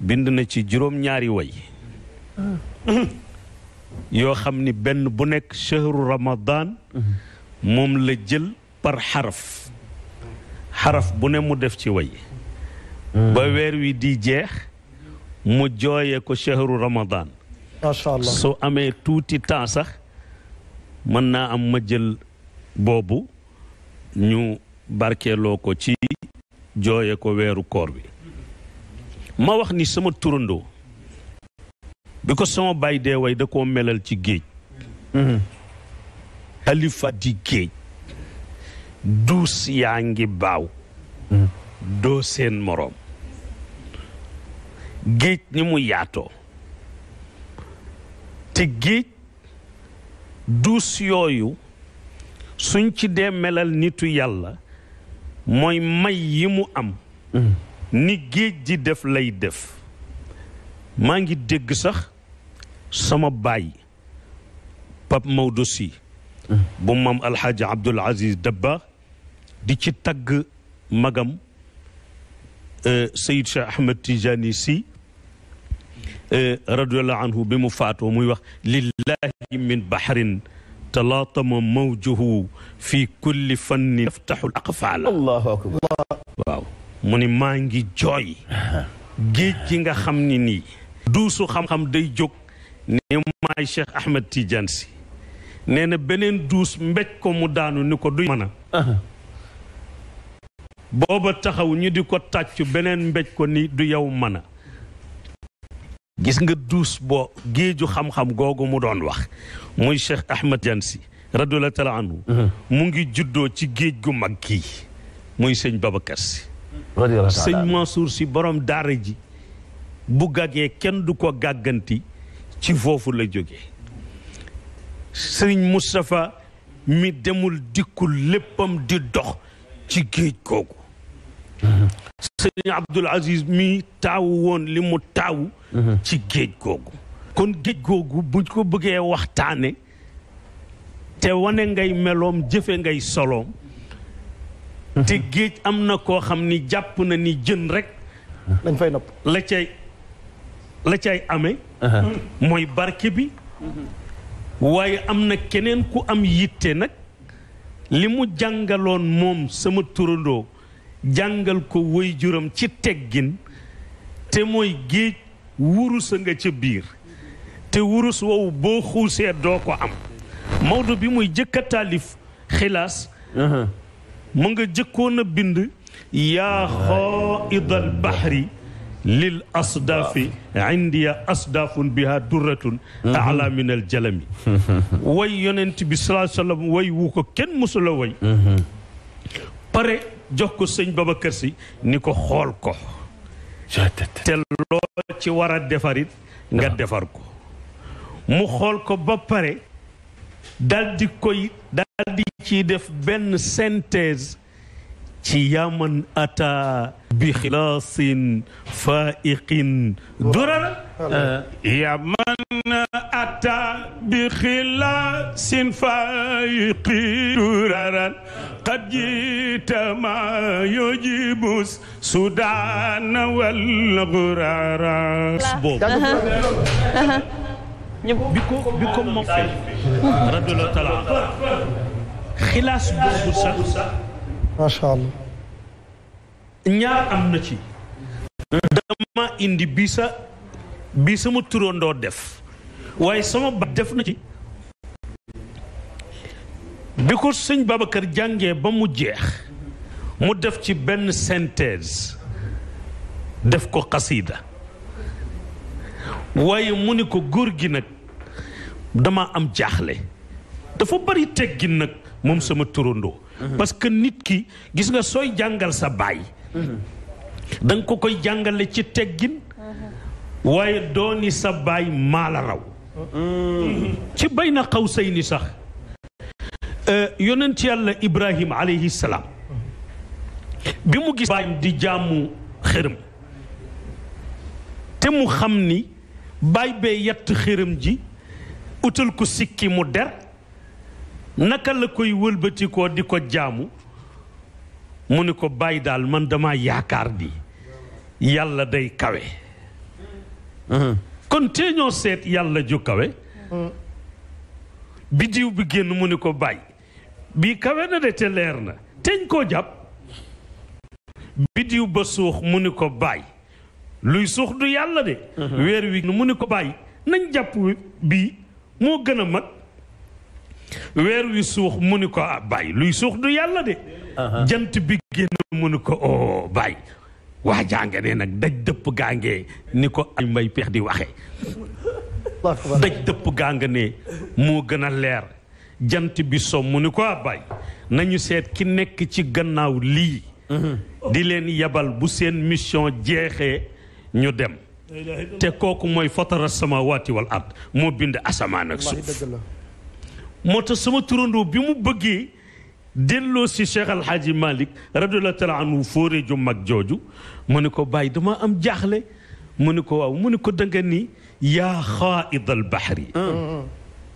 bind na ci juróom-ñaari way yoo xam ni benn bu nekk chahru ramadan moom la jël par xaraf xaraf bu ne mu def ci way ba weer wi di jeex mu jooyee ko chahru ramadan macha allah su amee tuuti temps sax mën naa am ma jël boobu ñu barkeeloo ko ci jooye ko weeru koor bi ma wax ni sama turandoo bi ko sama baay dee way da koo melal ci géej mhm. xalifa di géej duus yaa ngi baaw mhm. doo seen moroom géej ni mu yaatoo te géej duus yooyu suñ ci dee melal nitu yàlla mooy may yi mu am mhm. ni géej ji def lay def maa ngi dégg sax sama baay pap Maodo Sy bu maam Alxaaji Abdul Aziz Dabba di ci tagg magam Seyid Cheikh Ahmed Tijani Sy radiallahu anhu bi mu faatoo muy wax lillahi min bahrin talaatama mawjuhu fi kulli fannin yaftaxu al aqfaala allahu akbar mu ni maa ngi jooy géej gi nga xam ni nii duusu xam-xam day jóg ne maay Cheikh Ahmed Tidiane si nee na beneen duus mbéj ko mu daanu ni ko du mën a di ko tàccu beneen mbéj ni du yow mën gis nga duus boo géeju xam-xam googu mu doon wax muy Cheikh Ahmed Tidiane si radiyallahu la anhu mu ngi juddoo ci géej gu mag gi muy sëñ Babacar si sëñ Mansour si borom daara ji bu gàggee kenn du ko gàgganti ci foofu la jóge sëñ mustafa mi demul dikkul léppam di dox ci géej googu sëñ Abdul Aziz mi taawu woon li mu taawu ci géej googu kon géej googu buñ ko bëggee waxtaane te wane ngay meloom jëfe ngay soloom te géej am na koo xam ni jàpp na ni jën rekk dañ fay nopp la cay la cay amee. Uh-huh. mooy barke bi. waaye am na keneen ku am yitte nag li mu jàngaloon moom sama turadoo jàngal ko woy juram ci teggin te mooy géej wurus nga ca biir te wurus woowu boo xuusee doo ko am Maodo bi muy jëkk a taalif xilaas uh-huh. mu nga jëkkoon a bind yaa xaaid al bahri lil asdaafi indiya asdaafun biha durratun ala min al jalami way yonent bi salaa sallam way wu ko kenn mësula way pare jox ko sëñ Babacar Si ni ko xool ko te loo ci war a defarit nga defar ko mu xool ko ba pare dal di koy daal di ci def benn synthèse ci yaman ata bi xilaasin faiqin durar yaman ata bi xilaasin faiqin duraran qad jita ma yujibus sudan wal gurara biko biko mo fe radiyallahu ta'ala khilas bobu sax ma sha Allah ñaar am na ci dama indi bisa bisa bi sama def waaye sama ba def na ci bi ko sëñ babacar jàngee ba mu jeex mu def ci benn synthèse def ko xasida waaye mu ni ko góor gi nag dama am jaaxle dafa bari teggin nag moom sama turandoo mhm. parce que nit ki gis nga sooy jàngal sa baay mhm. danga ko koy jàngale ci teggin mhm. waaye dooni sa baay maa la raw ci bay na xaw say ni sax euh, yonent yàlla ibrahim alayhi salaam bi mu gis baayam di jàmmu xërëm te mu xam ni bay bee yett xërëm ji utal ko sikki mu der naka la koy wëlbatikoo di ko jaamu mu ni ko bàyyi daal man dama yaakaar di yàlla day kawe uh-huh. kon tee seet yàlla ju kawe uh-huh. bidiw bi génn mu ni ko bàyyi bii kawe na de te leer na teñ koo jàpp bidiw ba suux mu ni ko bàyyi luy suux du yàlla de. Uh-huh. weer wi mu ne ko bàyyi nañ jàpp bii moo gën a mag weer wi suux mu ni ko ah, bàyyi luy suux du yàlla de. Uh-huh. jant bi génn mu ni ko oo oh, bàyyi waa jànge ne nag daj dëpp gaangee ni ko ay mbay pex di waxee. daj dëpp gaanga ne moo gën a leer jant bi som mu ni ko ah, bàyyi nañu seet ki nekk ci gannaaw lii. Uh-huh. di leen yabal bu seen mission jeexee. ñu dem te kooku mooy fatara samawati wal ard moo bind asamaan ak suuf moo tax sama turandoo bi mu bëggee delloo si Cheikh Al Hadji Malick radiyallahu taala anhu fóore ju mag jooju mu ne ko bàyyi damaa am jaaxle mu ne ko waaw mu ne ko da nga ni yaa xaaid al baxri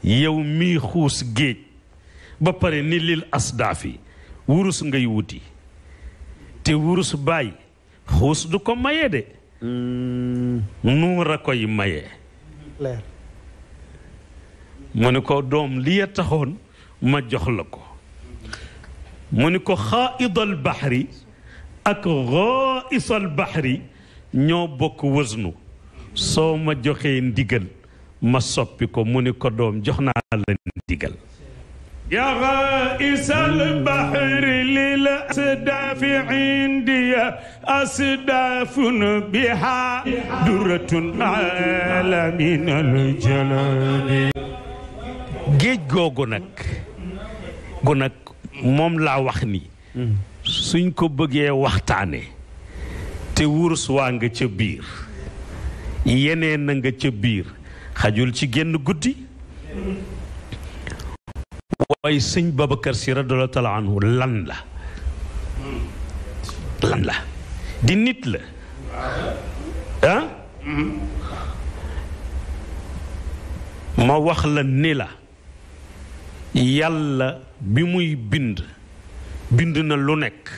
yow mii xuus géej ba pare ni lil asdaafi wurus ngay wuti te wurus bàyyi xuus du ko mayee de nuur a koy maye mu ni ko doom li ya taxoon ma jox la ko mu ni ko xaaidal baxri ak xaaisal baxri ñoo bokk wësnu soo ma joxee ndigal ma soppi ko mu ni ko doom jox naa la ndigal يا غائس البحر للأسداف عندي أسداف بها درة على من géej googu nag gu nag moom laa wax ni suñ ko bëggee waxtaane te wurus waa nga ca biir yeneen na nga ca biir xajul ci génn guddi waaye sëñ Babacar si radiyallahu la anhu lan la la di nit la ah? ma wax la ni la yàlla bi muy bind bind na lu nekk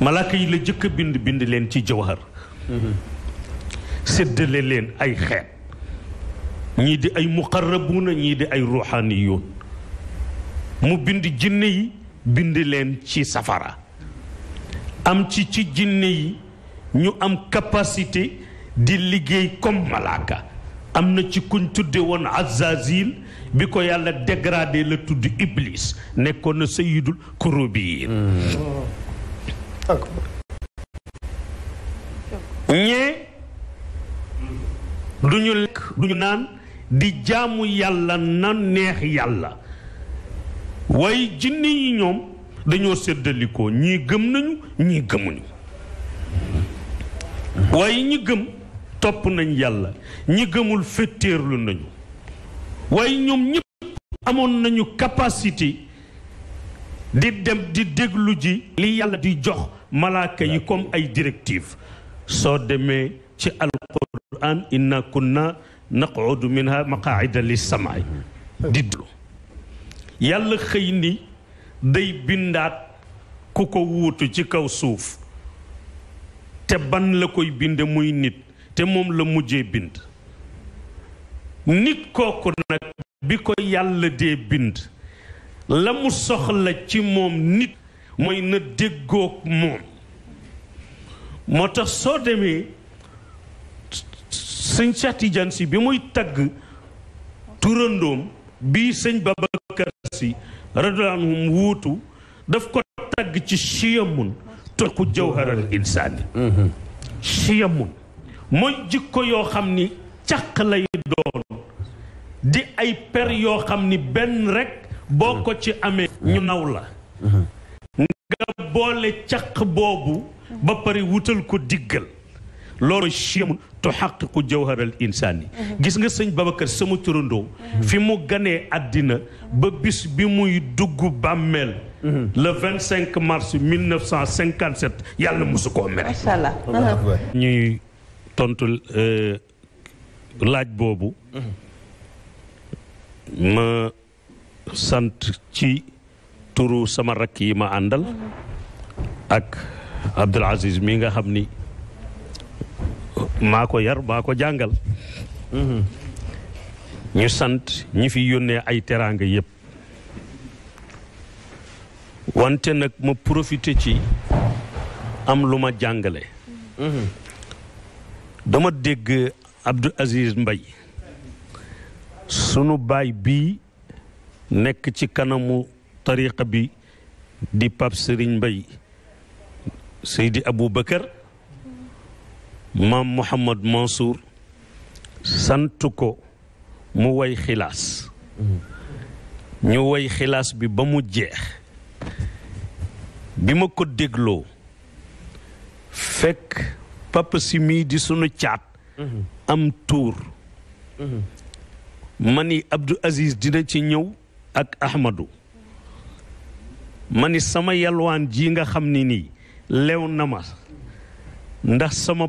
malaaka yi la jëkk a bind bind leen ci jawhar séddale leen ay xeet ñii di ay muqarrabuuna ñii di ay ruuxaaniyuun mu bind jinne yi bind leen ci safara am ci ci jinne yi ñu am capacité di liggéey comme malaaka am ci kuñ tudde woon azazil bi ko yàlla dégradé la tudd iblis nekkoon na sayidul kurubiyin ñee duñu lekk duñu naan di jaamu yàlla na neex yàlla waaye jinne yi ñoom dañoo séddalikoo ñii gëm nañu ñii gëmuñu waaye ñi gëm topp nañ yàlla ñi gëmul féttéerlu nañu waaye ñoom ñëpp amoon nañu capacité di dem di déglu ji li yàlla di jox malaaka yi comme ay directive soo demee ci alquran inna kunna naqudu minha maqaida li di déglu yàlla xëy ni day bindaat ku ko wuutu ci kaw suuf te ban la koy binde muy nit te moom la mujjee bind nit kooku nag bi ko yàlla dee bind la mu soxla ci moom nit mooy na déggoog moom moo tax soo demee sëñ Cheikh Tidiane bi muy tagg turandoom bii sëñ Baba si radiyallaahu anhum ci siyamun tuxu jawharal insaani siyamun mooy jikko yoo xam ni caq lay doon di ay per yoo xam ni benn rekk boo ko ci amee ñu naw la nga boole caq boobu ba pare wutal ko diggal loolu chiam tuhaqiqu jawharal insaani gis nga sëñ Babacar sama turandoo fi mu ganee àddina ba bis bi muy dugg bàmmeel le 25 mars 1957 yàlla mosu koo mere macha allah uh-huh. ñuy tontu euh, laaj boobu uh-huh. ma sant ci turu sama rakk yi ma àndal uh-huh. ak Abdoul Aziz mi nga xam ni maa ko yar maa ko jàngal. Mhm. ñu sant ñi fi yónnee ay teraanga yépp wante nag ma profité ci am lu ma jàngale. Mhm. dama dégg Abdou Aziz mbay sunu baay bii nekk ci kanamu tariqa bi di Pape Serigne Mbaye Seydi Aboubacar mam Muhammad Mansour santuko ko mu way khilas ñu way khilas bi ba mu jeex bima ko deglo fek papa simi di sunu chat, am tour mani Abdou Aziz dina ci ñew ak Ahmadou mani sama yalwan ji nga xamni ni lew na ndax sama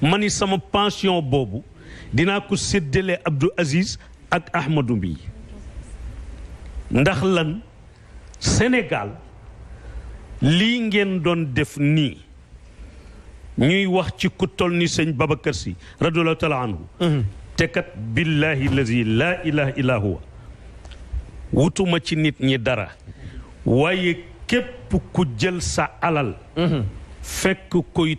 mani sama pension boobu dinaa ko séddale Abdou Aziz ak Ahmadou bi ndax lan senegal lii ngeen doon def nii ñuy wax ci ku toll ni sëñ Babacar Sy radiyallahu taala anhu mhm. te kat billahi lazi laa huwa wutuma ci nit ñi dara waaye képp ku jël sa alal mhm. fekk koy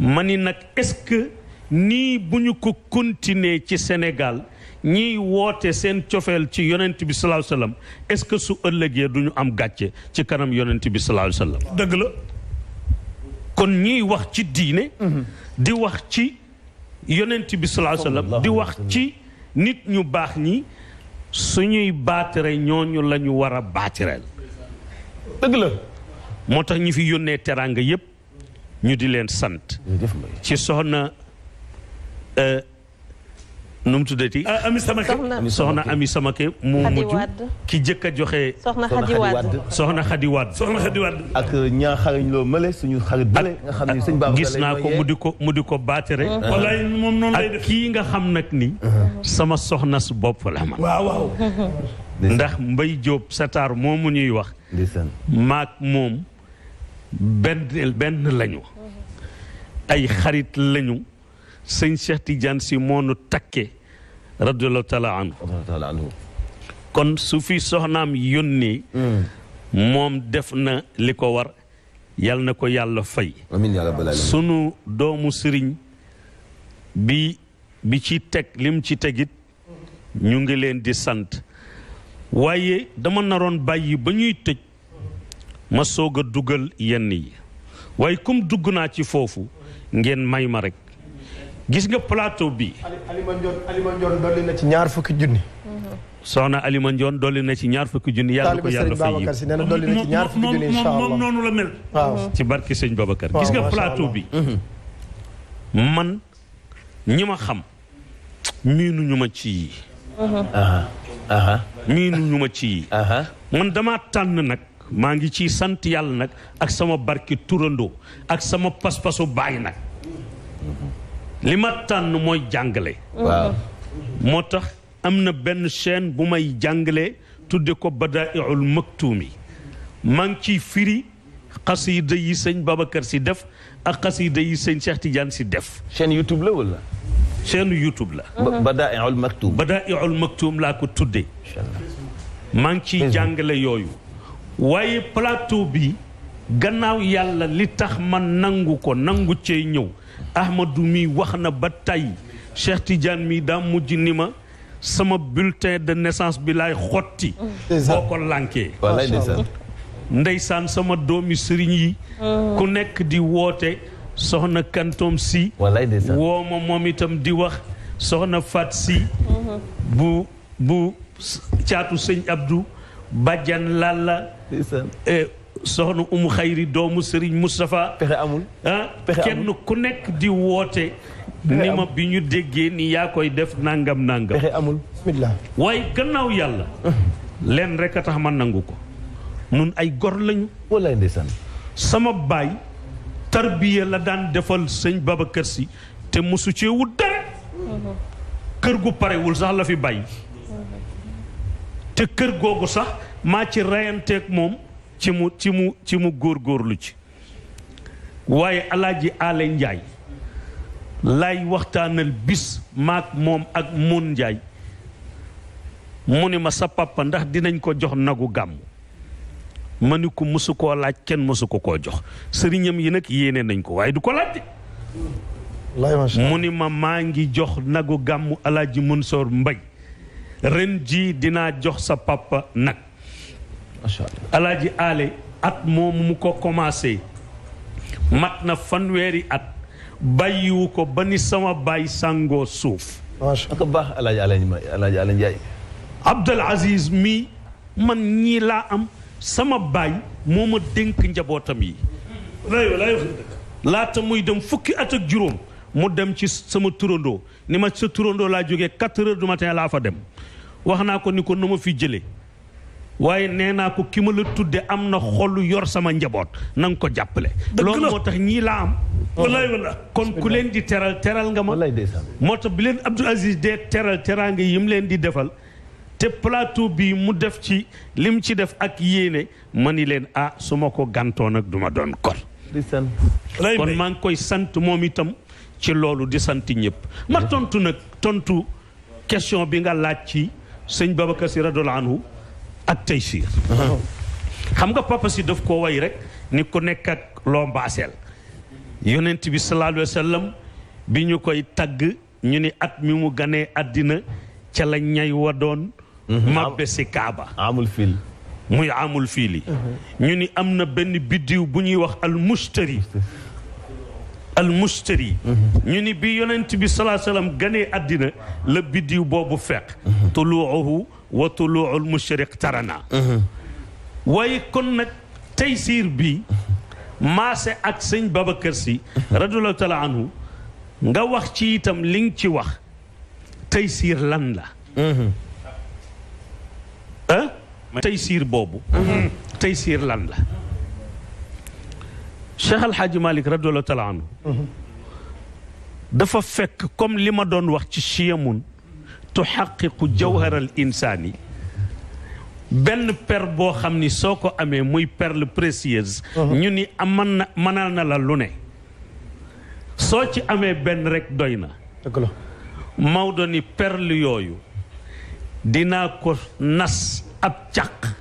ma ni nag est-ce que nii bu ñu ko continuer ci Sénégal ñiy woote seen cofeel ci yonent bi salaahu sallam est-ce que su ëllëgee du ñu am gàcce ci kanam yonent bi salaahu sallam dëgg la kon ñiy wax ci diine mhm. di wax ci yonent bi salaahu sallam di wax ci nit ñu baax ñi suñuy baatare ñooñu la ñu war a baatireel dëgg la moo tax ñi fi yónnee teraanga yépp ñu di leen sant. ci soxna euh, nu mu tuddati. sama ah, Samake soxna ami Samake mu mujj ki jëkk a joxe. soxna Xadi Wadd soxna Xadi Wadd. ak ñaa xariñ loo mële suñu xarit bële. sëñ Baba gis naa ko mu di ko mu di ko baatere. Uh-huh. wallaay moom noonu lay kii nga xam nag ni. Uh-huh. sama soxna su bopp la ma. waaw waaw. ndax Mbaye Diop Satar moomu ñuy wax. maak moom. benn benn lañu ay xarit lañu sëñ Cheikh Tidiane si moonu takke radiallahu taala anhu kon su fi soxnaam hmm. moom def na li ko war yal na ko yàlla fay sunu doomu sëriñ bi bi ci teg lim ci tegit ñu ngi leen di sant waaye dama naroon bàyyi ba ñuy tëj ma soog a dugal yenn yi waaye comme dugg naa ci foofu ngeen may ma rek gis nga plateau bi. ñaar fukki junni. na ci ñaar fukki ci ñaar fukki junni incha allah ci barke sëñ Babacar. gis nga plateau bi. man ñi ma xam. miinu ñu ma ci yi. miinu ñu ma ci yi. man damaa tànn nag. maa ngi ciy sant yàlla nag ak sama barki turandoo ak sama paspasu baay nag li ma tànn mooy jàngale moo tax am na benn chaîne bu may jàngale tudde ko badaa'iul maktuumi maa ngi ciy firi xasida yi sëñ Babacar si def ak xasida yi sëñ Cheikh Tidiane si def chaîne YouTube la wala chaîne YouTube la badaa'iul maktuum laa ko tudde maa ngi ciy mm-hmm. jàngale yooyu waaye plateau bi gannaaw yàlla li tax ma nangu ko nangu cee ñëw Ahmadou mi wax na ba tey Cheikh Tidiane mi daa mujj ni ma sama bulletin de naissance bi lay xotti boo ko lànkee ndeysaan sama doomi sëriñ yi mm. ku nekk di woote soxna kantom si woo ma moom itam di wax soxna fat si mm-hmm. bu bu caatu sëñ Abdou bajjan lalla Eh, soxna umu xayri doomu Serigne Moustapha. pexe amul ah kenn ku nekk di woote. ni ma bi ñu déggee nii yaa koy def nangam nangam. amul bismillah waaye gannaaw yàlla. leen rek a tax ma nangu ko. nun ay gor lañu. walaay ndeysaan. sama baay. tarbiya la daan defal sëñ Babacar si te mosu cee dara. Mhm. kër gu parewul sax la fi bàyyi. te kër googu sax maa ci reyanteeg moom ci mu ci mu ci mu góorgóorlu ci waaye alaaji ale njaay lay waxtaanal bis maak moom ak mun njaay mu ni ma sa papa ndax dinañ ko jox nagu gàmm ma ni ko mësu koo laaj kenn mësu ko koo jox sëriñam yi nag yéene nañ ko waaye du ko laaj de mu ni ma maa ngi jox nagu gàmmu gàmm alaaji Mansour Mbaye ren ji dinaa jox sa papa nag alaaji aale at moomu mu ko commencé mat na fanweeri at bàyyiwu ko ba ni sama baay sàngoo suuf ak baax alaaji alaaji aale njaay abdul aziz mi man ñii laa am sama baay moo ma dénk njabootam yi laata muy dem fukki at ak juróom mu dem ci sama turandoo ni ma sa turandoo laa jógee quatre heures du matin laa fa dem wax naa ko ni ko na ma fi jëlee waaye nee naa ko ki ma la tudde am na xolu yor sama njaboot na ko jàppale loolu moo tax ñii laa am kon ku leen di teral teral nga ma moo tax bi leen Abdou Aziz dee teral teraanga yi leen di defal te plateau bi mu def ci lim ci def ak yéene ma ni leen ah su ma ko gantoon ak duma doon kor kon maa ngi koy sant moom itam ci loolu di sant ñëpp ma mhm. tontu nag tontu question bi nga laaj ci sëñ Babacar Sy radiyallahu anhu ak Taysiir mhm. xam nga papa si daf ko way rek ni ku nekk ak loo mbaaseel yonent bi sallallahu alayhi bi ñu koy tagg ñu ni at mi mu ganee àddina ca la ñay wa doon mabbe mhm. si kaaba amul fil muy amul fiili ñu ni am na benn biddiw bu ñuy wax al mushtari almustari mhm. ñu ni bi yonent bi salaa sallam ganee àddina la biddiw boobu fekk mhm. tuluuhu wa tuluuhul mushriq tarana mhm. waaye kon nag taysiir bi maase ak sëñ Babacar Si radiallahu taala anhu nga wax ci itam li nga ci wax taysiir lan la ah taysiir boobu taysiir lan la Cheikh Al Hadj Malick radiyallahu taala anhu dafa fekk comme li ma doon wax ci chiyamun tuxaqiqu jawharal insaani benn per boo xam ni soo ko amee muy perle précieuse ñu ni aman na mënal na la lu ne soo ci amee benn rek doy na Maodo ni perle yooyu dinaa ko nas ab càq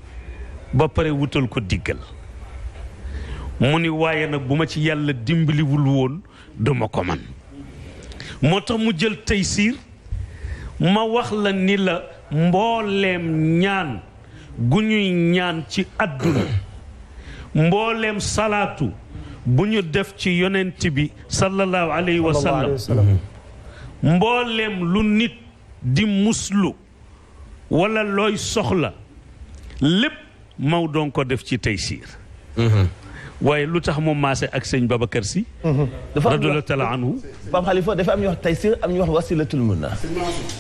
ba pare wutal ko diggal mu ni waaye nag bu ma ci yàlla dimbaliwul woon duma ko man moo tax mu jël taysiir ma wax la ni la mbooleem ñaan gu ñuy ñaan ci àdduna mboolem salaatu bu ñu def ci yonent bi sallallahu alayhi wa sallam mm-hmm. mbooleem lu nit di muslu wala looy soxla lépp maw doon ko def ci taysiir mm-hmm. waaye lu tax moom maase ak sëñ Babacar si. dafa am anhu. Pape Khalifa dafa am ñu wax taysir am ñu wax wasilatul muna.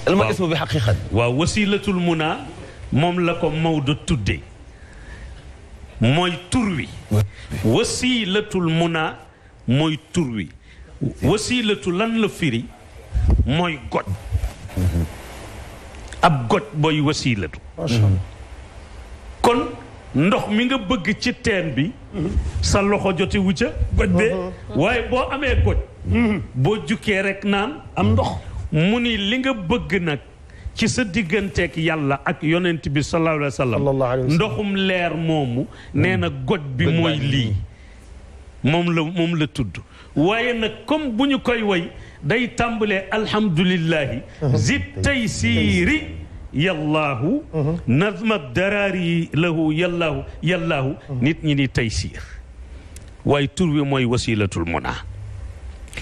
waaw ismu bi xaqiqan. waaw wasilatul muna moom la ko Maodo tudde mooy tur wi. wasilatul muna mooy tur wi. wasilatu lan la firi mooy got. ab got booy wasilatu. kon ndox mi nga bëgg ci teen bi. sa loxo jotewu ca goj bee uh-huh. waaye boo amee goj mm-hmm. boo jukkee rek naan am ndox mu ni li nga bëgg nag ci sa digganteeg yàlla ak yonent bi sallallahu alayhi wa sallam ndoxum leer moomu nee na goj bi mooy lii moom la moom la tudd waaye nag comme bu ñu koy woy day tàmbalee alhamdulillahi uh-huh. zi taysiiri yallaahu mhm. nazma daraari lahu yallaahu yallaahu mhm. nit ñi ni taysiir waaye tur wi mooy wasilatul munaa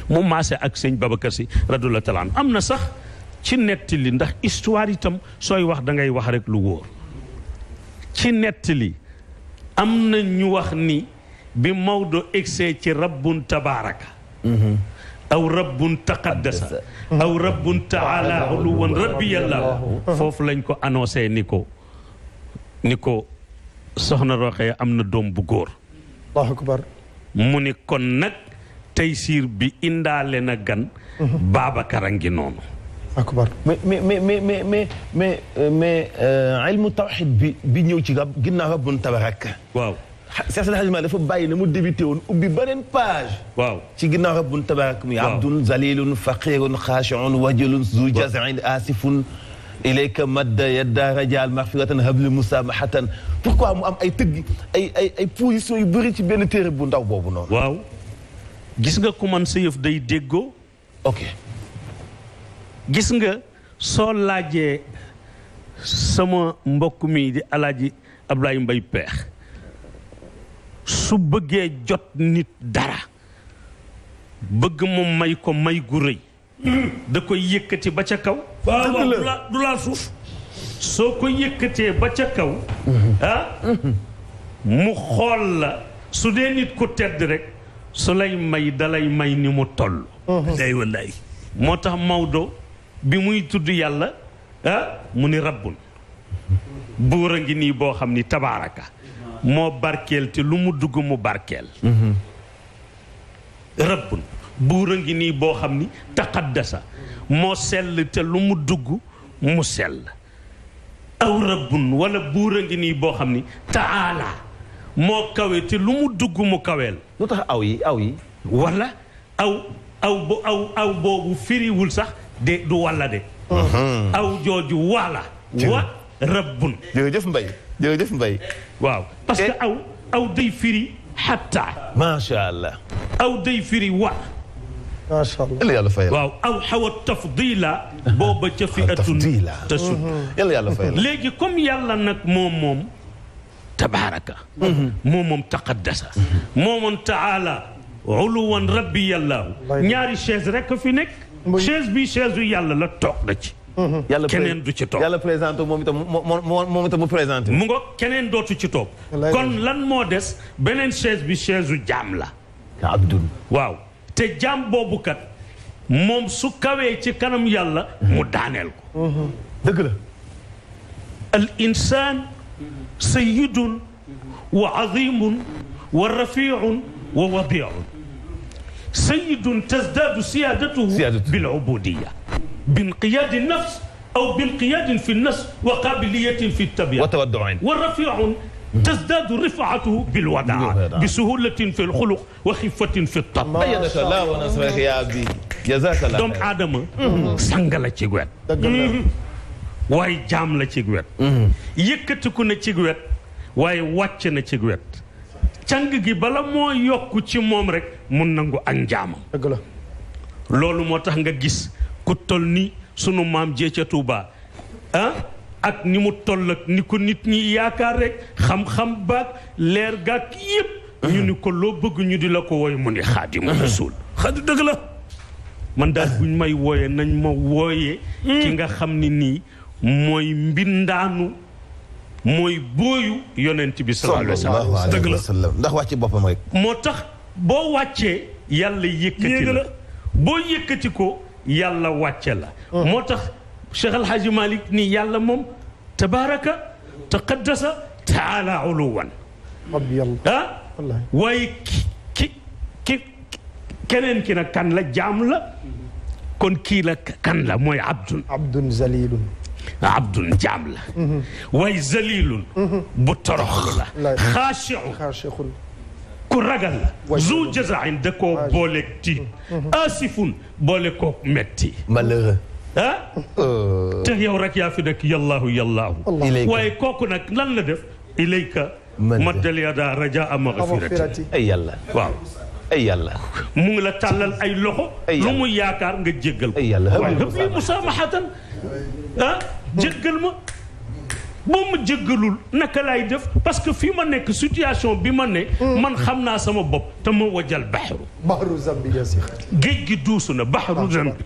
mu maase ak sëñ Babacar si radiyallaahu taala am na sax ci nettali ndax histoire itam sooy wax dangay wax rek lu wóor ci li am na ñu wax ni bi Maodo egsee ci rabbun tabaaraka mhm. aw rabbun taqaddasa aw rabbun taala uluwan rabbi yàlla foofu lañ ko annoncé ni ko ni ko soxna Roqee am na doom bu góor allahu akbar mu ni kon nag Taysiir bi indaale na gan Babacar a ngi noonu akbar mais mais mais mais mais mais mais euh, euh, ilmu tawxid bi bi ñëw ci gab ginnaaw rabbun tabarak waaw سياسة الحاج مالي فو باي نمو ديبيتيون وبي بانين باج واو شي قلنا رب تباكم يا عبد زليل فقير خاشع وجل ذو جزع اسف اليك مد يد رجال مغفرة هبل مسامحة بوكو ام ام اي تك اي اي اي بوزيسيون يبري تي بين تيري بو نداو بوبو نون واو جيسنغا كومان سيوف داي ديغو اوكي جيسنغا سو لاجي سما مبوك مي دي الاجي ابراهيم باي بيخ su bëggee jot nit dara bëgg mu may ko may gu rëy da koy yëkkati ba ca kaw waaw suuf soo ko yëkkatee ba ca kaw mm-hmm. ah, mu xool la su dee nit ku tedd rekk su lay may dalay may ni mu toll mm-hmm. moo tax Maodo bi muy tudd yàlla ah mu ni rabbun mm-hmm. buur a ngi nii boo xam ni tabaaraka moo barkeel te lu mu dugg mu barkeel rabbun buur a ngi nii boo xam ni taqaddasa moo sell te lu mu dugg mu sell aw rabbun wala buur a ngi nii boo xam ni taala moo kawe te lu mu dugg mu kaweel lu tax aw yi aw yi wala aw aw boobu firiwul sax de du walla de uh-huh. aw jooju wala wa rabbun واو او او ديفيري حتى ما شاء الله او ديفيري و ما شاء الله يلا يلا فيلا واو او حوى التفضيلة بوبا جفئة التفضيلة تسود يلا يلا فيلا ليجي كم يلا نك موم موم تبارك موم موم تقدس موم تعالى علو ربي يلا ناري شيز رك في نك شيز بي شيز يالا لا توك Mhm. yàlla keneen du ci toog yàlla présenté moom itam moo moom itam mu présenté. mu ngoog keneen dootu ci toog. kon lan moo des beneen chaise bi chaise u jaam la. abdul waaw te jaam boobu kat moom su kawee ci kanam yàlla. Mhm. mu daaneel ko. Mhm. dëgg la. al insaan sayyidun wa azimun wa rafiun wa wadiun sayyidun tasdaadu siyaadatuhu bil ubudiya بانقياد النفس أو بانقياد في النفس وقابلية في التبعة وتودع والرفيع تزداد رفعته بالوداع بسهولة في الخلق وخفة في الطب أيدك الله ونصرك يا أبي جزاك الله دم آدم سنغلا ci واي جام jam la ci gwet yëkëtiku na ci gwet way wacc na ci gwet cang gi bala moo nga gis ku toll ni sunu maam jee ca Touba ah, ak ni mu toll ak ni ko nit ñi yaakaar rek xam-xam baag leer gaak yëpp. ñu ni ko loo bëgg ñu di la ko woy mu ni xaadimu rasul xaadi dëgg la man daal buñ may wooyee nañ ma wooyee ki nga xam ni nii mooy mbindaanu mooy booyu yonent bi sallallahu alayhi wa sallam ndax wàcce boppam rek moo tax boo wàccee yàlla yëkkati la boo yëkkati ko yàlla wàcce la moo tax Cheikh El Hadji Malick ni yàlla moom tabaraka taqaddasa taala uluwan ah waaye ki ki ki keneen ki nag kan la jaam la kon kii la kan la mooy abdun abdun zalilun abdun jaam la waaye zalilun bu toroxlu la xaashiun ku ragal la zu jazain da koo booleeg tiit asifun boole koo metti malheureux ah te yow rek yaa fi nekk yallah yallah waaye kooku nag lan la def ilayka maddal yada rajaa magfirati ay yàlla waaw ay yàlla mu ngi la tàllal ay loxo lu mu yaakaar nga jéggal ko waaye hëb li musaamahatan ah jéggal ma boo ma jéggalul naka laay def parce que fii ma nekk situation bi ma ne man xam naa sama bopp te ma wajal baxru baxru zambi yaa siqati géej gi duusu na baxru zambi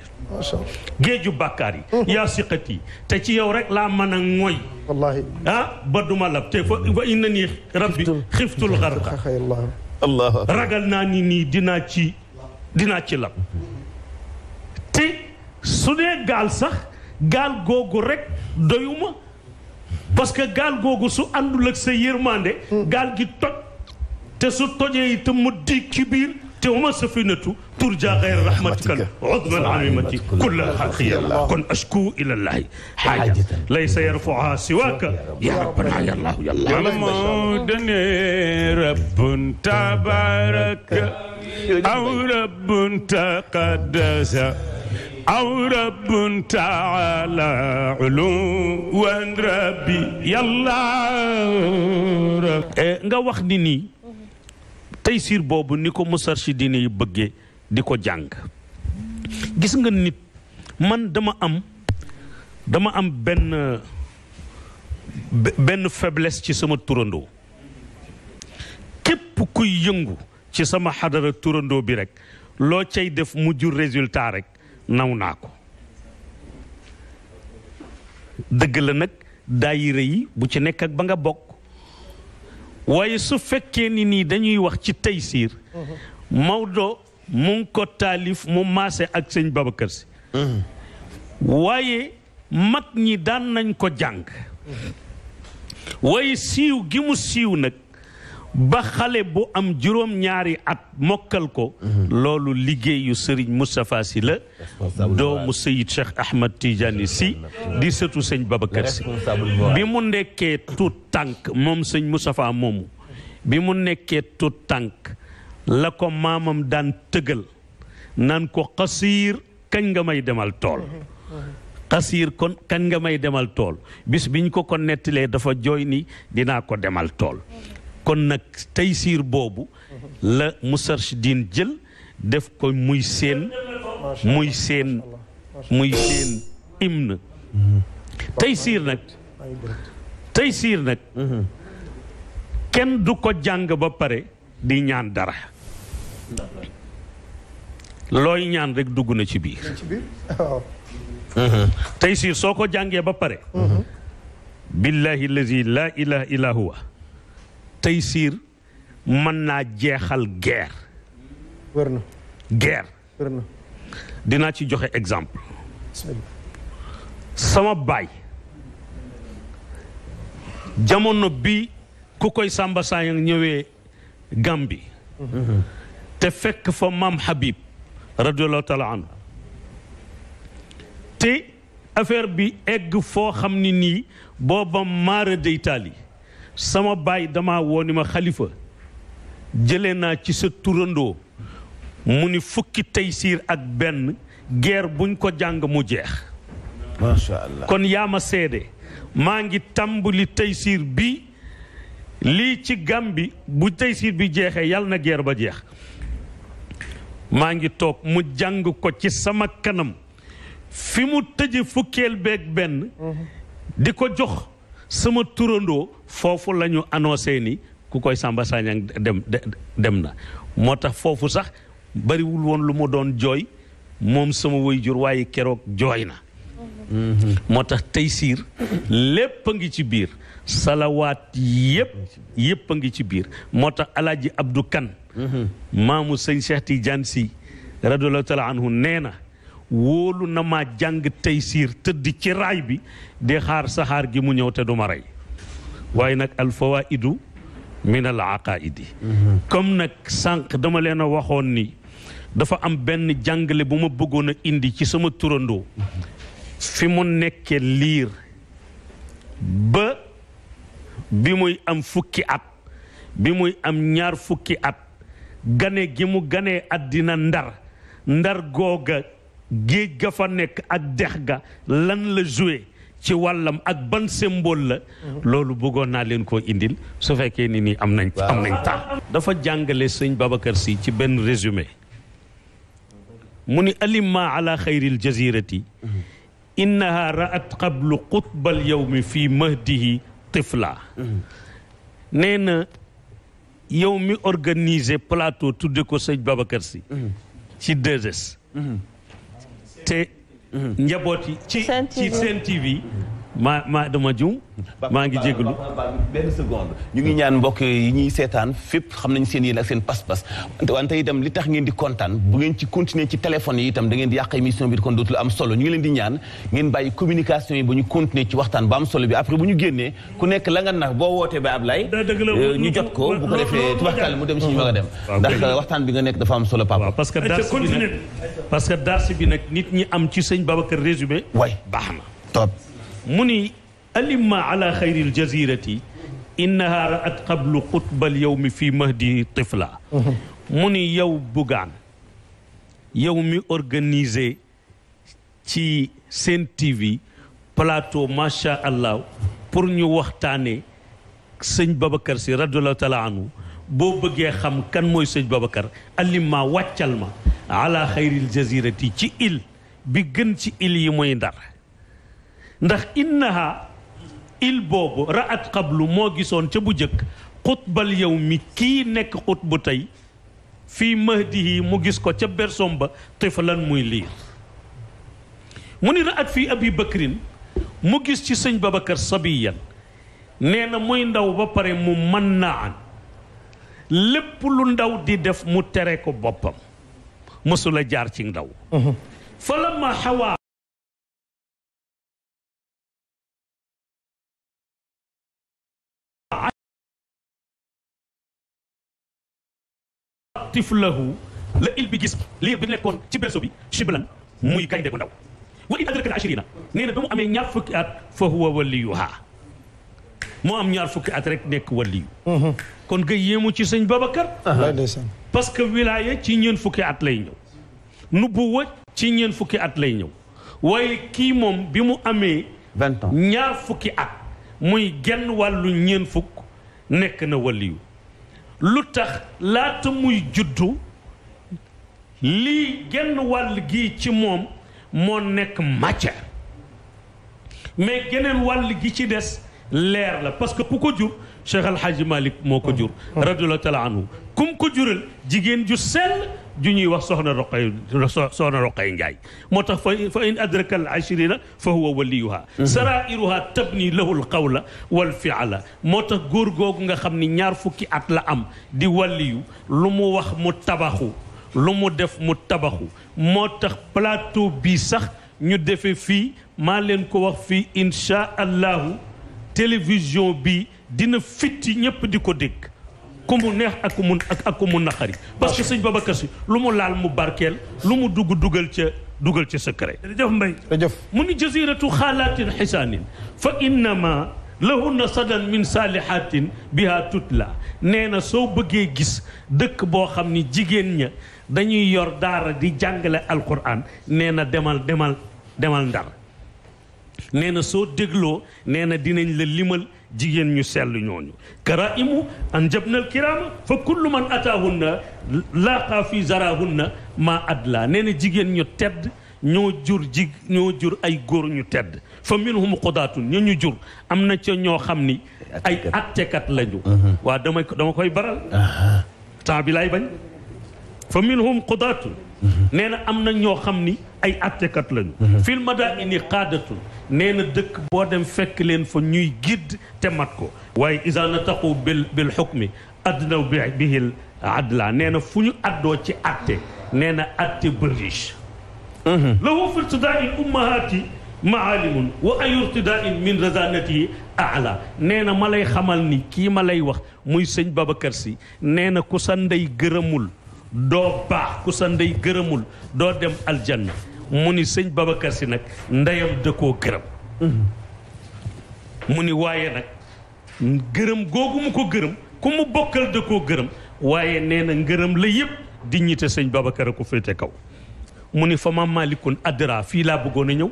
géeju bàkkaar yi yaa siqat yi te ci yow rek laa mën a ŋoy wallahi ah ba duma lab te fa fa inna nii rabbi xiftul xarqa allah ragal naa ni nii dinaa ci dinaa ci lab te su dee gaal sax gaal googu rek doyuma parce que gaal googu su àndul ak sa yërmande. gaal gi toj te su tojee itam mu diig ci biir te wama safinatu turja gayra rahmatika udman alimati kulla xalqiya kon ashku ila llahi xaaja laysa yarfuha siwaka ya rabbana ya allah ya allah المولى رب تبارك أو رب تقدس aw rabbun taala uluwan rabbi nga wax ni nii taysiir boobu ni ko Moustarchidine yi bëggee di ko jàng gis nga nit man dama am dama am benn benn ci sama turandoo képp kuy yëngu ci sama xadara turandoo bi rek loo cay def mu jur résultat rek naw naa ko dëgg la nag daayira yi bu ci nekk ak ba nga bokk waaye su fekkee ni nii dañuy wax ci Taysiir Maodo mu ngi ko taalif mu maase ak sëñ Babacar Si waaye mag ñi daan nañ ko jàng waaye siiw gi mu siiw nag ba xale bu am juróom-ñaari at mokkal ko loolu liggéeyu sëriñ Moustapha si la doomu Seyid Cheikh Ahmad Tidiane Sy di sëtu sëñ Babacar Sy bi mu nekkee tout tànk moom sëñ Moustapha moomu bi mu nekkee tout tànk la ko maamam daan tëgal naan ko xasiir kañ nga may demal tool xasiir kon kañ nga may demal tool bis biñ ko ko nettalee dafa jooy ni dinaa ko demal tool kon nag taysiir boobu la Moustarchidine jël def ko muy seen muy seen muy seen hymne taysiir nag taysiir nag kenn du ko jàng ba pare di ñaan dara looy ñaan rek dugg na ci biir taysiir soo ko jàngee ba pare billahi allazi la ilaha tey siir mën naa jeexal guerre. wër dinaa ci joxe exemple. sama baay jamono bi ku koy Samba Sanyang ñëwee Gàmbi te fekk fa maam Habib radiallahu taala anhu te affaire bi egg foo xam ni nii booba maara day taali sama baay dama woo ma xalifa jële naa ci sa turandoo mu ni fukki taysiir ak benn guerre buñ ko jàng mu jeex kon yaa ma seede maa ngi tàmbali taysiir bi lii ci gàm bi bu taysiir bi jeexee yal na guerre ba jeex maa ngi toog mu jàng ko ci sama kanam fi mu tëje fukkeel beeg benn mhm. di ko jox sama turandoo Fofu la ñu annoncé ni ku koy Samba sañang dem dem na motax fofu sax bari wul won lu mo don joy mom sama jur waye keroog joy na mhm. motax tay sir lepp ngi ci bir salawat yep yep ngi ci bir motax Abdou Kan mhm. seigne Cheikh Tidiane radhiyallahu taala anhu nena, wolu nama na ma jang tay sir teud ci ray bi dehar xaar saxaar gi mu ñew te du ma waaye nag al fawaidu min al aqaidi comme nag sànq dama leen a waxoon ni dafa am benn jàngale bu ma bëggoon a indi ci sama turandoo fi mu nekkee liir ba bi muy am fukki at bi muy am ñaar fukki at gane gi mu ganee àddina ndar ndar googa géej ga fa nekk ak dex ga lan la joué ci walam ak ban symbole la. lolou bëggoon na leen ko indil su fekke ni ni am nañ. am nañ ta dafa jàngale seigne Babacar si ci ben résumé muni ni alimma ala khairil jazirati innaha ra'at qablu al yawmi fi mahdihi tifla nee yow mi organiser plateau tudde ko seigne Babacar si ci deux es te njaboot yi ci ci Sen TV maa maa dama juum maa ngi jégalu benn ñu ngi ñaan mbokk yi ñuy seetaan fépp xam nañ seen yéen ak seen pas-pas wante itam li tax ngeen di kontaan bu ngeen ci continuer ci téléphone yi itam da ngeen di yàq émission bi kon dootul am solo ñu ngi leen di ñaan ngeen bàyyi communication yi ba ñu continuer ci waxtaan ba am solo bi après bu ñu génnee ku nekk la nga nax boo wootee ba Ablaye euh, ñu jot ko bu ko defee tubaarkàlla mu dem si ñu mag a dem ndax waxtaan bi nga nekk dafa am solo papa parce que parce que darsi bi nag nit ñi am ci sëñ Babacar résumé waay baax na top mu ni alimma ala xayri aljazirati innaha raat qablu xutbal yowmi fi mahdi tifla mu ni yow bugaan yow mi organise ci Sen TV plateau macha allah pour ñu waxtaane sëñ Babacar si radiallahu boo bëggee xam kan mooy sëñ Babacar alimma wàccal ma ala xayril jazirati ci il bi gën ci il yi mooy ndar ndax innaha il boobu ra'at xablu moo gisoon ca bu jëkk xutbal yow mi kii nekk xutbu tey fii mahdihi mu gis ko ca bersom ba tiflan muy liir mu ni ra'at fii abi bakrin mu gis ci sëñ kër sabiyan nee na muy ndaw ba pare mu mën an lépp lu ndaw di def mu tere ko boppam mësula jaar ci ndaw fa lama xawaa atif lahu la il bi gis liir ci berceau bi shiblan muy gaynde bu ndaw wa in fukki at fa huwa moo am ñaar fukki at rek nekk waliyu mhm. kon nga yéemu ci sëñ parce que wilaaya ci ñeen fukki at lay ñëw nubuwa ci ñeen fukki at lay ñëw waaye kii moom bi mu amee vingt ñaar fukki at muy genn wàllu ñeen fukk nekk na waliyu lu tax laata muy juddu lii genn wàll gi ci moom moo nekk matière mais geneen wàll gi ci des leer la parce que ku ko jur شيخ الحاج مالك موكو جور رضي الله تعالى عنه كم كو جورل جيجين جو سيل جوني واخ سخنا رقاي سخنا رقاي نجاي موتخ فان ادرك العشرين فهو وليها سرائرها تبني له القول والفعل موتخ غور غوغ nga xamni ñaar fukki at la am di waliyu lumu wax mu tabaxu lumu def mu tabaxu motax plateau bi sax ñu defé fi ma len ko wax fi insha allah television bi dina fitt ñëpp di ko dégg ku mu neex ak ku mu ak ku mu naqari parce que sëñ Babacar Si lu mu laal mu barkeel lu mu dugg dugal ca dugal ca secret jërëjëf Mbaye jërëjëf mu ni jasiratu xaalaatin xisaanin fa innama lahunna sadan min saalihatin biha tutla nee na soo bëggee gis dëkk boo xam ni jigéen ña dañuy yor daara di jàngale alquran nee na demal demal demal ndar nee na soo dégloo nee na dinañ la limal jigéen ñu sell ñooñu karaimu an jabnal kirama fa kullu man atahunna laaqa fi zarahunna ma adla nee jigéen ñu tedd ñoo jur ji ñoo jur ay góor ñu tedd fa minhum qudaatun ñu ñu jur am na ca ñoo xam ni ay attekat lañu uh-huh. waa dama koy baral uh-huh. temps bi laay bañ fa minhum qudaatun nee na am na ñoo xam ni ay attekat lañu. fil madaini qaadatu nee na dëkk boo dem fekk leen fa ñuy gidd te mat ko. waaye isa nataqu bil bil xukmi adnaw bi bihil adla nee na fu ñu addoo ci atte nee na atte bëriche. lahu fi irtidaai ummahaati maalimun wa ay irtidaai min razanatihi aala nee na ma lay xamal ni kii ma lay wax muy sëñ Babacar si nee na ku sa ndey gërëmul. doo baax ku sa ndey gërëmul doo dem aljanna mu ni sëñ Babacar si nag ndeyam da koo gërëm mu ni waaye nag gërëm googu ko gërëm ku mu bokkal da koo gërëm waaye nee na ngërëm la yëpp dignité sëñ Babacar a ko kaw mu ni fa ma malikun adra fii laa bëggoon a ñëw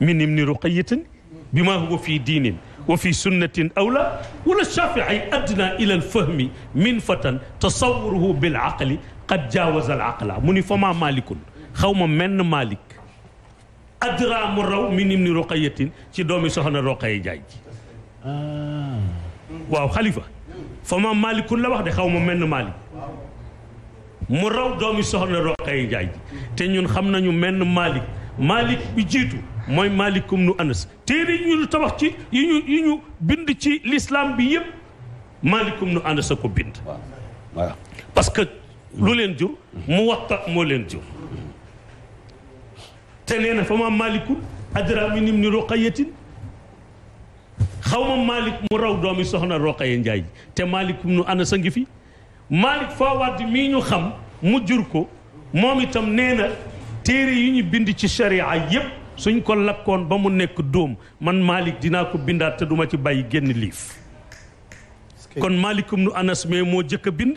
minim ni ruqayatin bi maa huwa fii diinin wa fi sunnatin awla wala shafii adna ila alfahmi min fatan tasawuruhu bil aqli qad jaawazal aqla mu ni fa maa maalikun xaw ma menn maalik adra mu raw mi nim ni roqayatin ci doomi soxna roqaya jaay ji waaw xalifa fa maa maalikun la wax de xaw ma menn maalik mu raw doomi soxna roqaya jaay ji te ñun xam nañu menn maalik maalik bi jiitu mooy maalikum nu anas téere yi ñu tabax ci yi ñu yi ñu bind ci l'islam bi yëpp maalikum nu anas a ko bind waaw parce que lu leen jur mu waxta moo leen jur te nee na fa ma malikul adra nim ni roqayatin xaw ma malik mu raw doomi soxna roqaya njaay te malikum nu ana sa fi malik foo wàdd mii ñu xam mu jur ko moom itam nee na téere yi ñu bind ci sharia yépp suñ ko lakkoon ba mu nekk doom man malik dinaa ko bindaat te duma ci bàyyi génn liif kon malikum nu anas me mo jëkk bind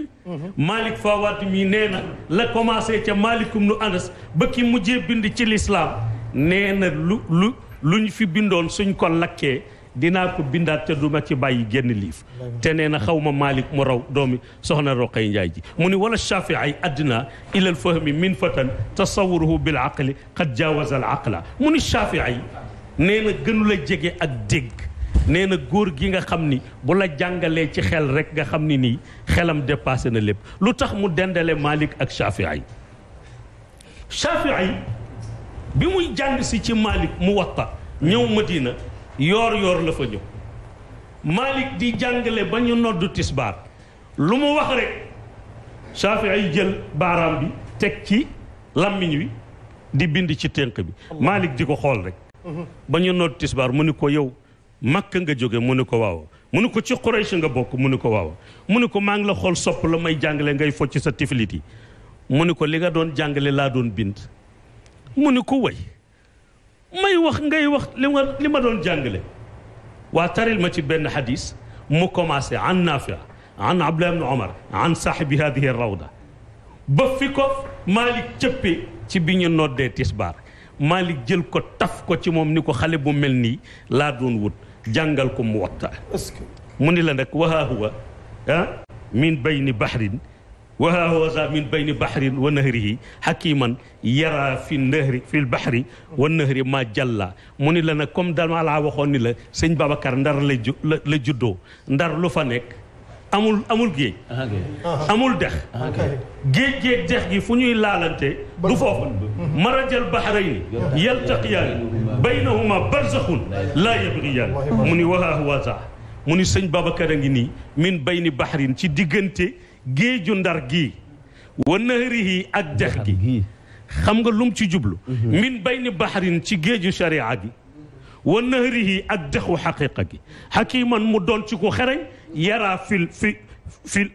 malik fawad mi neena la commencé ci malikum nu anas ba ki mujjé bind ci l'islam neena lu lu lu fi bindon suñ ko lakkee dina ko bindat te duma ci bàyyi génn liif te neena xawma malik mu raw domi soxna roqay njaay ji muni wala shafii adna ila al fahmi min fatan tasawwuruhu bil aql qad jawaza al aqla muni shafii neena gënu la jege ak dégg nee na góor gi nga xam ni bu la jàngalee ci xel rek nga xam ni nii xelam dépassé na lépp lu tax mu dendale Malik ak Shafii Shafii bi muy jàng si ci Malik mu watta ñëw Madina yoor yoor la fa ñëw Malik di jàngale ba lu mu wax rek Shafii jël baaraam bi teg ci làmmiñ wi di bind ci tënk bi Malik di ko xool rek mhm. ba ñu noddu tisbaar mu ni ko yow màkk nga jóge mu ne ko waaw mu ne ko ci Quraysh nga bokk mu ne ko waaw mu ne ko maa ngi la xool sopp la may jàngale ngay focc sa tiflit mu ne ko li nga doon jàngale laa doon bind mu ne ko woy may wax ngay wax li ma li ma doon jàngale waa taril ma ci benn xadiis mu commencé an Nafia an Abdullah ibn Omar an saaxibi hadihi rawda ba fi ko Malik cëppee ci bi ñu noddee tisbaar Malick jël ko taf ko ci moom ni ko xale bu mel nii laa doon wut jàngal ko mu watta mu ni la nag wahaa huwa ah min bayni bahrin wahaa huwa za min bayni bahrin wa nahrihi hakiman yara fi nahri fi bahri wa nahri ma jàlla mu ni la nag comme dama laa waxoon ni la sëñ Babacar ndar la ju la juddoo ndar lu fa nekk amul amul géej. amul dex. géej géej dex gi fu ñuy laalante. du foofu. marajal bahrayni yaltaqiyan baynahuma barzakhun la yabghiyan mu ni huwa za mu ni sëñ Babacar ngi min bayni bahrin ci diggante géeju ndar gi wa nahrihi ak dex gi xam nga lum ci jublu min bayni bahrin ci géeju sharia gi wa nahrihi ak dexu xaqiqa gi xakiman mu doon ci ko xereñ يرى في في في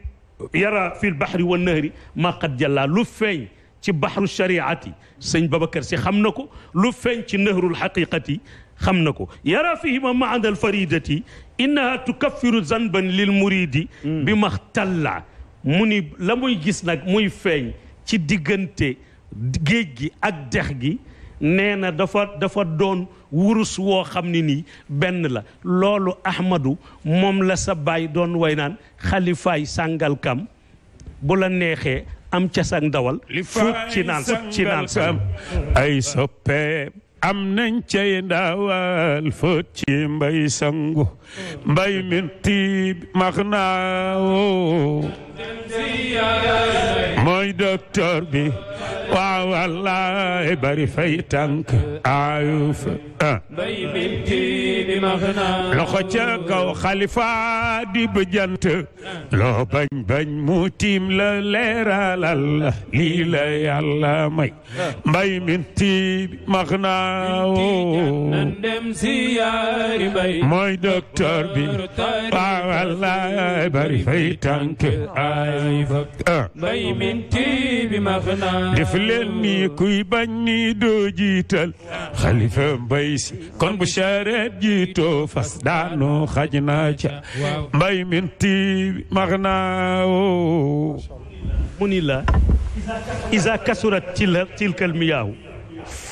يرى في البحر والنهر ما قد جلا لو فين بحر الشريعه سيد بابكر سي خمنكو لو فين تي نهر الحقيقه خمنكو يرى فيهما ما عند الفريده انها تكفر ذنبا للمريد بما اختل موني لاموي غيس نك موي فين تي ديغنتي غيغي اك دخغي نينا دافا دافا دون wurus woo xam ne nii benn la loolu ahmadu moom la sa baay doon way naan xalifaay sàngal kam bu la neexee am ca sang dawal fuuk ci naan ci naan sam ay soppeem am nañ cey ndaawal fóot ci mbay sangu mbay min tiib max naawo mooy docteur bi waaw wallaay bari fay tànk aayu fa à. loxo ca kaw xalifa di bëjant loo bañ bañ mu tiim la leeralal lii la yàlla may mbay min tiib max naa mooy docteur bi waaw wallaay bari fay tànk ay bay minti bi ma xanaa def leen ni kuy bañ ni doo jiital xalifa mbay si kon bu sareet jiitoo fas daanu xaj naa ca bay minti bi ma xanaa mu ni la isa kasurat tilkal miyaaw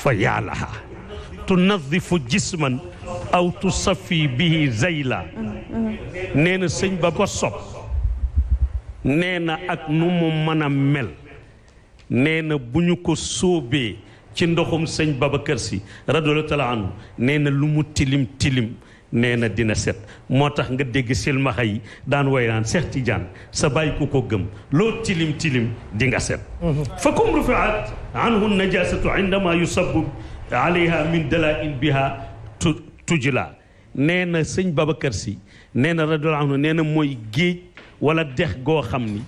fa yaalaha tunadifu jisman aw tusafi bihi zayla nee na sëñ ba ko sob nee na ak nu mu mën a mel nee na bu ñu ko sóobee ci ndoxum sëñ Babacar Si radiyallaahu taala anhu nee na lu mu tilim tilim nee na dina set moo tax nga dégg silmaxa yi daan way naan Seex Tijaan sa bàyyi ku ko gëm loo tilim tilim di nga set mhm. fa kum rufiat anhu najasatu indama yusabu alayha nee na sëñ Babacar si nee na radiyallahu nee na mooy géej wala dex goo xam ni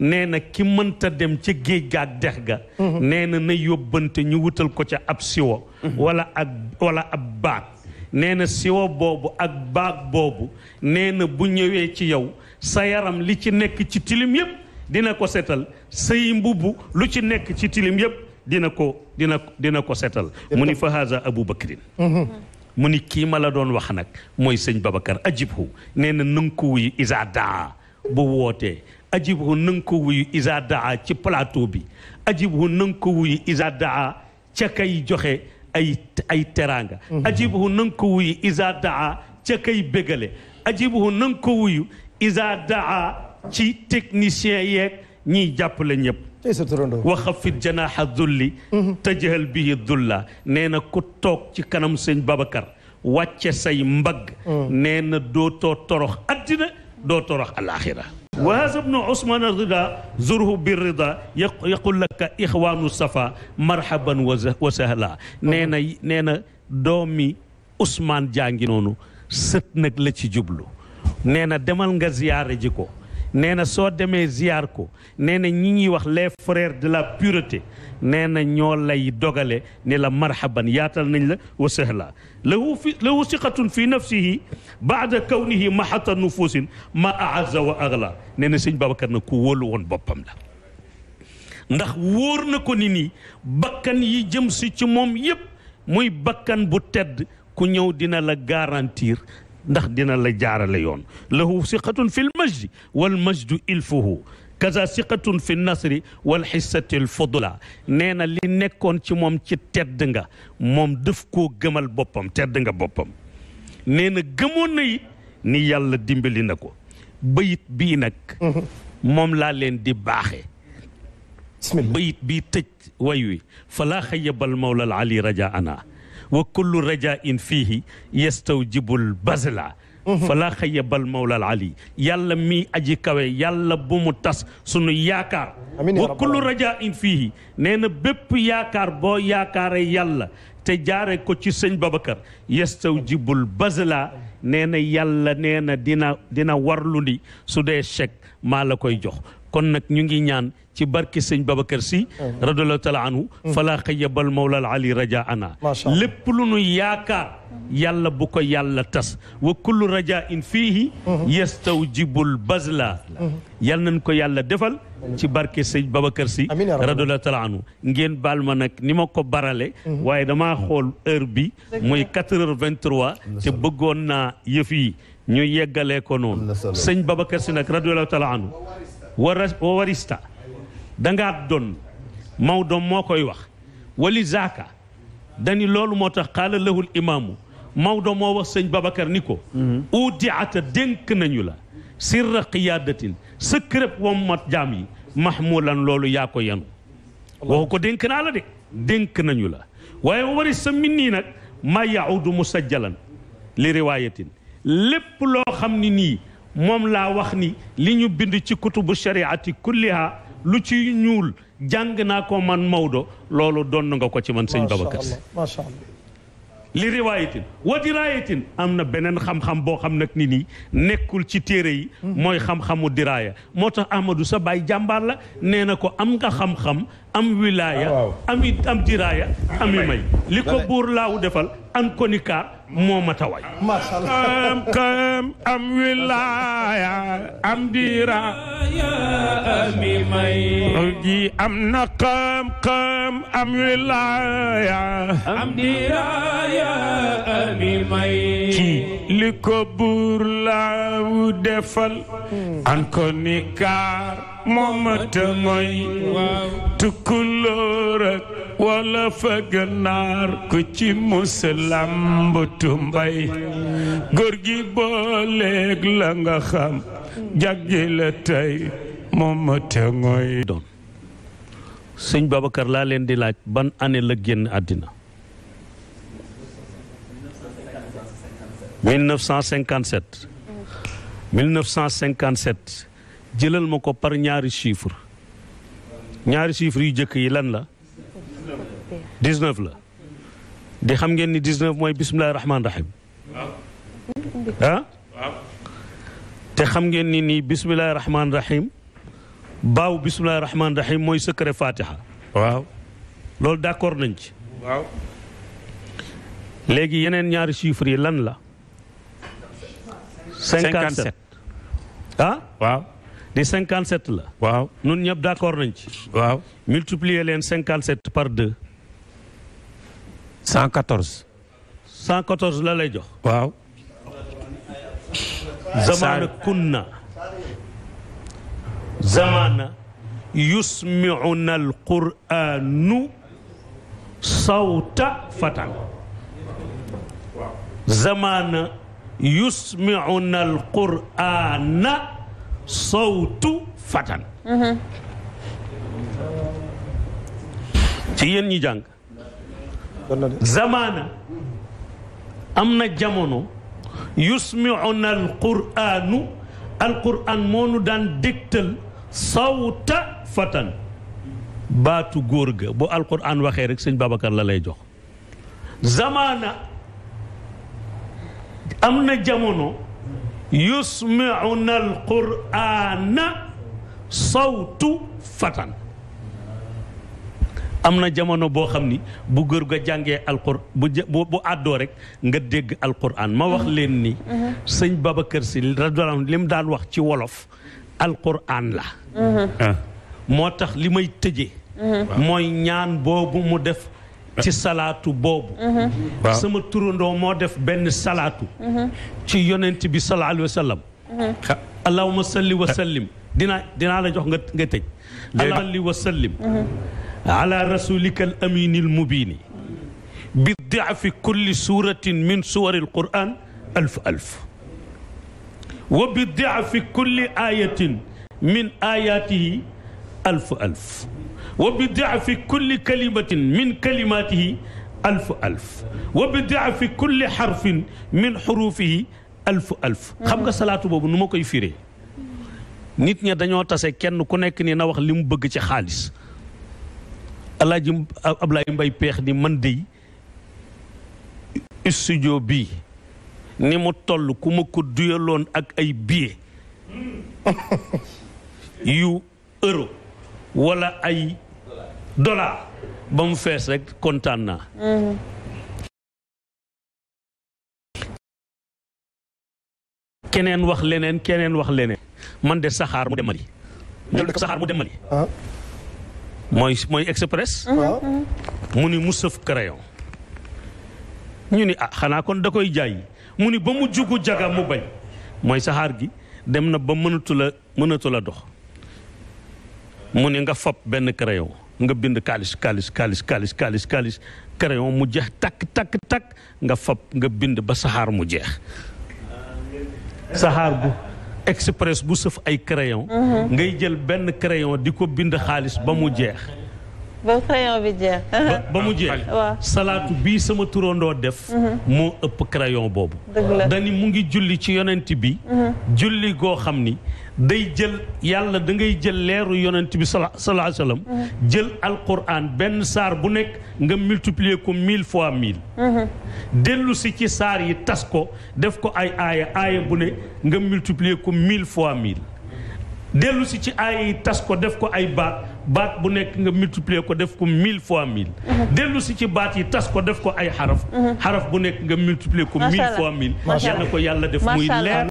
nee na ki mënta dem ca géej ga ak dex mhm. na na yóbbante ñu wutal ko ca ab siwo mhm. wala ab baag nee na siwo boobu ak baag boobu nee na bu ñëwee ci yow sa yaram li ci nekk ci tilim yépp dina ko setal say mbubb lu ci nekk ci tilim yépp dina ko dina dina ko seetal mu ni fa haza abou bakrin mu ni kii la doon wax nag mooy sëñ babacar ajibhu nee na nanga ko wuyu isa daa bu wootee ajibhu nanga ko wuyu isa daa ci plateau bi ajibhu nanga ko wuyu isa ca kay joxe ay teraanga ajibhu nanga ko wuyu isa daa ca kay ci technicien yeeg ñiy jàppale ñëpp tey sa turandoo waxa fit janaaxa dulli mhm. tëjëhal bii dulla nee na ku toog ci kanam sëñ Babacar wàcce say mbagg mhm. nee na dootoo torox addina doo torox alaaxira wa haza bnu Usmaan rida zurhu bi rida yaqul laka ixwaanu safa marhaban wa sahla nee na nee na doomi Usmaan jaa ngi noonu sët nag la ci jublu nee na demal nga ziyaare ji ko nee na soo demee ziar ko nee na ñi ñuy wax les frères de la pureté nee na ñoo lay dogale ni la marhaban yaatal nañ la wa sahla lahu fi lahu siqatun fi nafsihi baada kawnihi mahata nufusin ma a'azza wa aghla nee na sëñ Babacar na ku wóolu won bopam la ndax wóor na ko ni nii bakkan yi jëm si ci mom yépp muy bakkan bu tedd ku ñëw dina la garantir ndax dina la jaarale yoon lahu siqatun fi lmajdi walmajdu ilfuhu kaza siqatun fi nasri wal xissati alfudla nee na li nekkoon ci moom ci tedd nga moom def koo gëmal boppam tedd nga boppam nee na gëmoon na yi ni yàlla dimbali na ko bayit bii nag moom laa leen di baaxe bayit bii tëj way wi falaa xayabal mawla al ali rajaana wa kullu rajain fiihi yastawjibul bazla mhm. falaa xayyabal mawlal ali yàlla mi aji kawe yàlla bu mu tas sunu yaakaar wa kullu rajain fiihi nee na bépp yaakaar boo yaakaare yàlla te jaare ko ci sëñ Babacar yastawjibul bazla nee na yàlla nee na dina dina warlu su dee chèque maa la koy jox kon nag ñu ngi ñaan ci barke sëñ Babacar si radiyallahu taala anhu fala xayyabal mawla ali raja lépp lu nu yaakaar yàlla bu ko yàlla tas wa kullu raja fihi yastawjibul bazla yal nañ ko yàlla defal ci barke sëñ Babacar si radiyallahu taala anhu ngeen baal ma nag ko barale waye dama xol heure bi moy 4h23 te beggon na yëf yi ñu yeggalee ko non sëñ Babacar si nak radiyallahu taala anhu warista dangaa don Maodo moo koy wax wali zaaka dani loolu moo tax qaala lahul imaamu Maodo moo wax sëñ Babacar ni ko dénk nañu la sirra qiyaadatin sa kërëb wommat jaam mahmulan loolu yaa ko yenu waxu ko dénk naa la de dénk nañu la waaye wari sa min nii nag maa musajjalan li riwaayatin lépp loo xam ni nii moom wax ni li ñu bind ci kutubu shariati kulliha lu ci ñuul jàng naa ko man Maodo loolu donn nga ko ci man sëñ Babacar Si macha allah li riwaayatin wa diraayatin am na beneen xam-xam boo xam nag ni nii nekkul ci téere yi hmm. mooy xam-xamu diraaya moo tax Amadou sa baay jàmbaar la nee na ko am nga xam-xam am wilaaya ah, am am diraaya ami may li ko buur laaw defal am konikaar moo ma taway am xam am wilaaya am diira ami may am na xam-xam am wilaaya am diira ami may li ko buur laaw defal hmm. an ko nikaar moomata mooy tukkulóor ak wala fëgg naar ku ci musalam butu mbay góor gi booleeg la nga xam jaggi la tey moomata mooy doon sëñ Babacar laa leen di laaj ban année la génn àddina 1957 jëlal ma ko par ñaari chiffre ñaari chiffre yu jëkk yi lan la 19 la di xam ngeen ni 19 mooy bisimilahi rahmaani rahim ah? te xam ngeen ni nii bisimilahi rahmaani rahim baaw bisimilahi rahmaani rahim mooy secret fatiha waaw loolu d'accord nañ ci waaw léegi yeneen ñaari chiffres yi lan la 57 ah ni 57 la. waaw ñun ñëpp d'accord nañ ci. waaw multiplier leen 57 par 2. 114. 114 la lay jox. waaw. zamaana kunna. zamaana. yusmiuna alquranu sawta fatan zamaana yusmiuna sawtu fatan mm-hmm. ci yéen ñi jàng zamaana am na jamono yusmiuna alquranu alquran moonu daan dégtal sawta fatan baatu góor ga bu alquran waxee rek sëñ Babacar la lay jox zamaana am na jamono yusmiuna alqurana sawtu fatan am na jamono boo xam ni bu gër ga jàngee alqur bu bu àddoo rekk nga dégg alquran ma wax leen ni sëñ Babacar Si radiyallaahu li mu daan wax ci wolof alquran la ah. moo tax li may tëje mooy ñaan boobu mu def ci salatu bobu sama turundo mo def ben salatu ci yonent bi sallallahu alayhi wasallam allahumma salli wa sallim dina dina la jox nga nga tëj salli wa sallim ala rasulika al amin al mubin bi diafi kulli suratin min suwari al quran alf alf wa bi diafi kulli ayatin min ayatihi alf alf وبضعف كل كلمة من كلماته ألف ألف وبضعف كل حرف من حروفه ألف ألف خمسة صلاة بابو نمو كي فيري نيت نيا دانيو تاسا كين كو نيك ني نا واخ ليم بيغ تي خالص الله جيم ابلاي مباي بيخ ني من دي استوديو بي ni mu toll ku ma ko duyaloon ak ay billet yu euro wala ay dollar ba mu fees rek kontaan naa. wax leneen keneen wax leneen. man de saxaar mu demali. saxaar mu demali. Ah. mooy mooy express. Ah. Mhm. mu ni mu sëf crayon. ñu ni ah xanaa kon da koy jaay mu ni ba mu jugu jaga mu bañ mooy saxaar gi dem na ba mënatu la mënatu dox mu ni nga fab benn crayon. nga bind kaalis kaalis kaalis kaalis kaalis kaalis crayon mu jeex takk takk takk nga fab nga bind ba saxaar mu jeex saxaar bu express bu sëf ay crayon mhm. ngay jël benn crayon di ko bind xaalis ba mu jeex ba crayon bi jeex ba mu jeex salaatu bii sama turandoo def mhm. moo ëpp crayon boobu dani mu ngi julli ci yonent bi mhm. julli goo xam ni day jël yàlla da ngay jël leeru yonent bi salaa sallam mm-hmm. jël alquran benn saar bu nekk nga multiplier ko mille fois mille mm-hmm. dellu si ci saar yi tas ko def ko ay aaya bu ne nga multiplier ko mille fois mille dellu si ci aaya yi tas ko def ko ay baat baat bu nekk nga multiplier ko def ko mille fois mille mm-hmm. dellu si ci baat yi tas ko def ko ay xaraf xaraf bu nekk nga multiplier ko mille fois mille yal na ko yàlla def muy leer